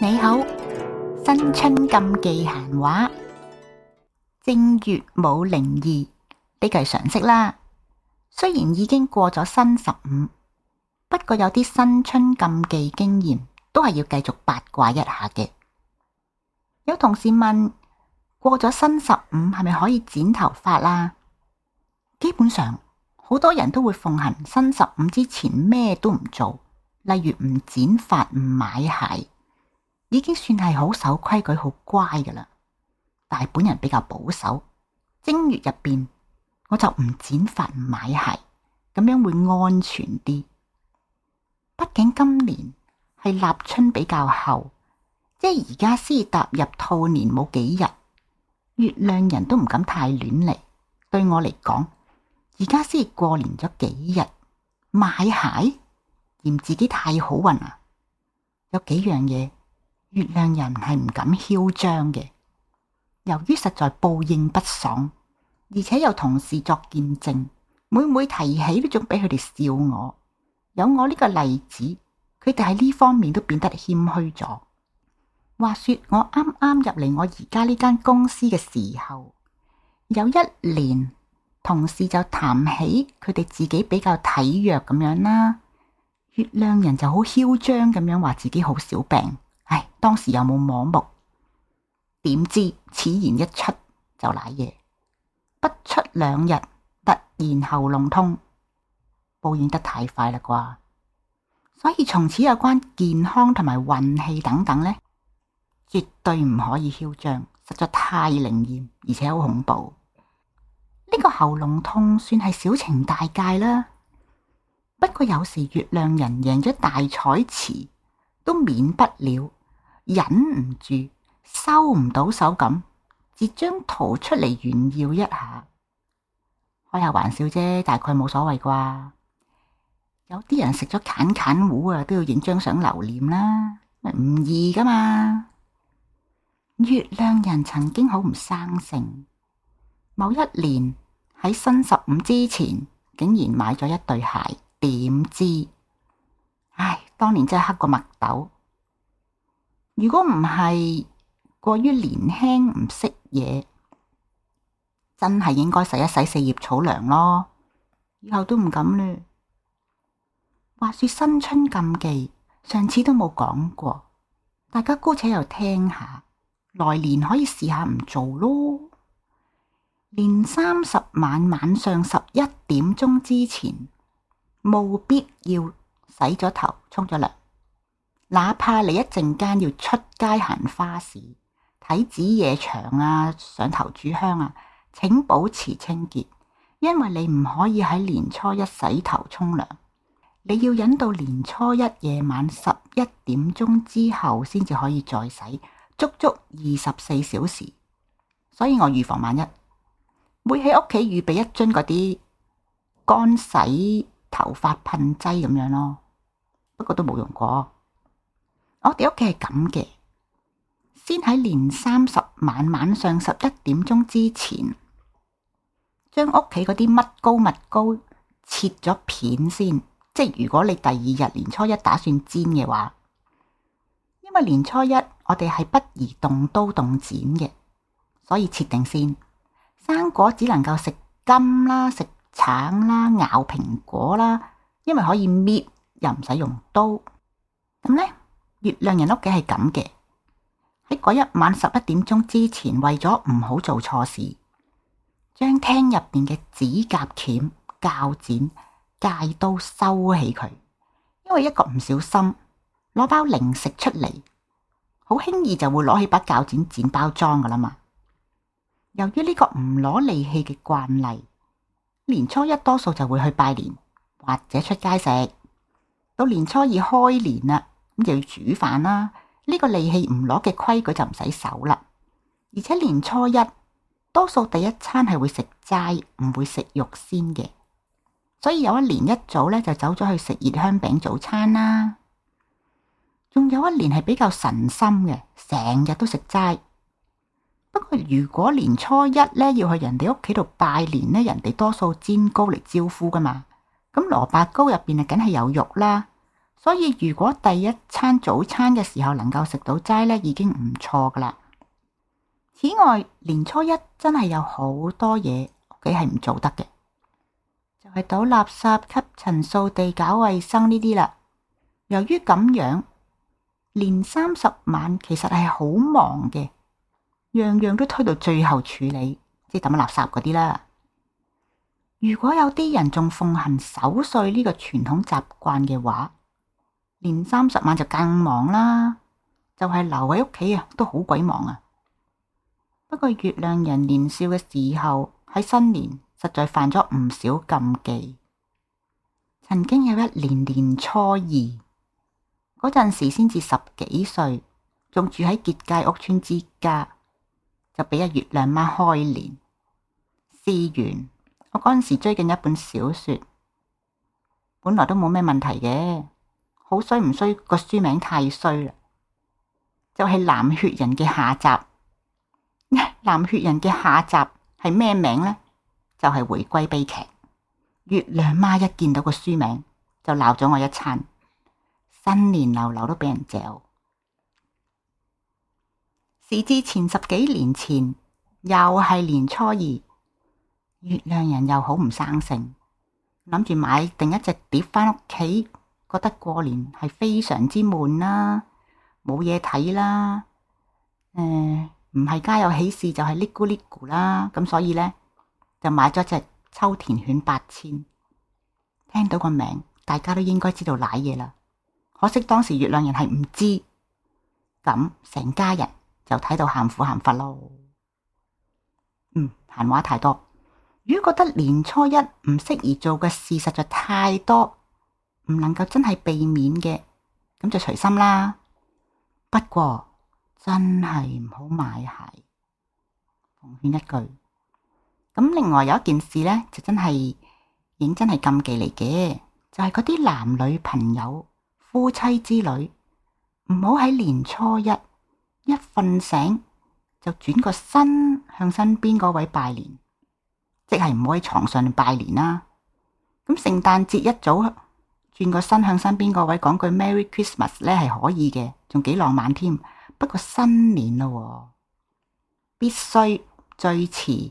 你好，新春禁忌閒話，正月冇靈異呢個係常識啦。雖然已經過咗新十五，不過有啲新春禁忌經驗都係要繼續八卦一下嘅。有同事問過咗新十五係咪可以剪頭髮啦？基本上好多人都會奉行新十五之前咩都唔做，例如唔剪髮、唔買鞋。已經算係好守規矩，好乖噶啦。但係本人比較保守，正月入邊我就唔剪髮，唔買鞋，咁樣會安全啲。畢竟今年係立春比較後，即係而家先踏入兔年冇幾日，月亮人都唔敢太亂嚟。對我嚟講，而家先過年咗幾日買鞋，嫌自己太好運啊！有幾樣嘢。月亮人係唔敢囂張嘅，由於實在報應不爽，而且又同事作見證，每每提起都仲俾佢哋笑我。有我呢個例子，佢哋喺呢方面都變得謙虛咗。話說我啱啱入嚟我而家呢間公司嘅時候，有一年同事就談起佢哋自己比較體弱咁樣啦，月亮人就好囂張咁樣話自己好少病。唉，當時又冇網目，點知此言一出就瀨嘢，不出兩日突然喉嚨痛，報應得太快啦啩。所以從此有關健康同埋運氣等等呢，絕對唔可以囂張，實在太靈驗而且好恐怖。呢個喉嚨痛算係小情大戒啦。不過有時月亮人贏咗大彩池都免不了。忍唔住收唔到手咁，截張圖出嚟，炫耀一下，開下玩笑啫，大概冇所謂啩。有啲人食咗坎坎糊啊，都要影張相留念啦，唔易㗎嘛。月亮人曾經好唔生性，某一年喺新十五之前，竟然買咗一對鞋，點知？唉，當年真係黑過墨斗。如果唔係過於年輕唔識嘢，真係應該洗一洗四葉草涼咯。以後都唔敢嘞。話說新春禁忌，上次都冇講過，大家姑且又聽下，來年可以試下唔做咯。年三十晚晚上十一點鐘之前，務必要洗咗頭，沖咗涼。哪怕你一陣間要出街行花市睇子夜場啊，上頭煮香啊，請保持清潔，因為你唔可以喺年初一洗頭沖涼，你要忍到年初一夜晚十一點鐘之後先至可以再洗，足足二十四小時。所以我預防萬一，每喺屋企預備一樽嗰啲乾洗頭髮噴劑咁樣咯，不過都冇用過。我哋屋企係咁嘅，先喺年三十晚晚上十一點鐘之前，將屋企嗰啲乜糕乜糕切咗片先。即係如果你第二日年初一打算煎嘅話，因為年初一我哋係不宜動刀動剪嘅，所以切定先。生果只能夠食柑啦、食橙啦、咬蘋果啦，因為可以搣又唔使用，用刀咁咧。月亮人屋企係咁嘅，喺嗰一晚十一點鐘之前，為咗唔好做錯事，將廳入邊嘅指甲鉗、鉸剪、界刀、刀收起佢，因為一個唔小心攞包零食出嚟，好輕易就會攞起把鉸剪剪包裝噶啦嘛。由於呢個唔攞利器嘅慣例，年初一多數就會去拜年或者出街食，到年初二開年啦。咁就要煮飯啦，呢個利器唔攞嘅規矩就唔使守啦。而且年初一多數第一餐係會食齋，唔會食肉先嘅。所以有一年一早咧就走咗去食熱香餅早餐啦。仲有一年係比較神心嘅，成日都食齋。不過如果年初一咧要去人哋屋企度拜年咧，人哋多數煎糕嚟招呼噶嘛，咁蘿蔔糕入邊啊，梗係有肉啦。所以如果第一餐早餐嘅時候能夠食到齋呢，已經唔錯噶啦。此外，年初一真係有好多嘢，屋企係唔做得嘅，就係倒垃圾、吸塵、掃地、搞衛生呢啲啦。由於咁樣，年三十晚其實係好忙嘅，樣樣都推到最後處理，即係抌垃圾嗰啲啦。如果有啲人仲奉行守歲呢個傳統習慣嘅話，年三十晚就更忙啦，就係留喺屋企啊，都好鬼忙啊。不過月亮人年少嘅時候喺新年實在犯咗唔少禁忌。曾經有一年年初二嗰陣時，先至十幾歲，仲住喺結界屋村之家，就畀阿月亮媽開年。事緣，我嗰陣時追緊一本小說，本來都冇咩問題嘅。好衰唔衰？個書名太衰啦！就係《藍血人》嘅下集， 《藍血人》嘅下集係咩名呢？就係、是《回歸悲劇》。月亮媽一見到個書名就鬧咗我一餐，新年流流都畀人嚼。時至前十幾年前，又係年初二，月亮人又好唔生性，諗住買定一隻碟返屋企。覺得過年係非常之悶啦，冇嘢睇啦，誒、呃，唔係家有喜事就係呢咕呢咕啦，咁所以咧就買咗隻秋田犬八千，聽到個名大家都應該知道乃嘢瀨嘢啦。可惜當時月亮人係唔知，咁成家人就睇到喊苦喊忽咯。嗯，閒話太多。如果覺得年初一唔適宜做嘅事實在太多。唔能夠真係避免嘅，咁就隨心啦。不過真係唔好買鞋，奉勸一句。咁另外有一件事呢，就真係認真係禁忌嚟嘅，就係嗰啲男女朋友、夫妻之類，唔好喺年初一一瞓醒就轉個身向身邊嗰位拜年，即係唔好喺床上面拜年啦、啊。咁聖誕節一早，轉個身向身邊個位講句 Merry Christmas 咧，係可以嘅，仲幾浪漫添。不過新年啦喎，必須最遲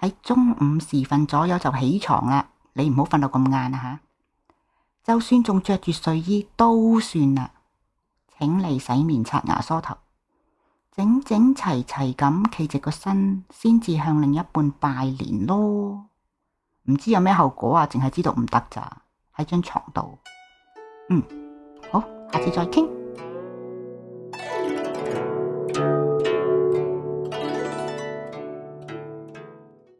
喺中午時分左右就起床啦。你唔好瞓到咁晏啊吓，就算仲着住睡衣都算啦。請你洗面、刷牙、梳頭，整整齊齊咁企直個身，先至向另一半拜年咯。唔知有咩後果啊？淨係知道唔得咋。喺張床度，嗯，好，下次再傾。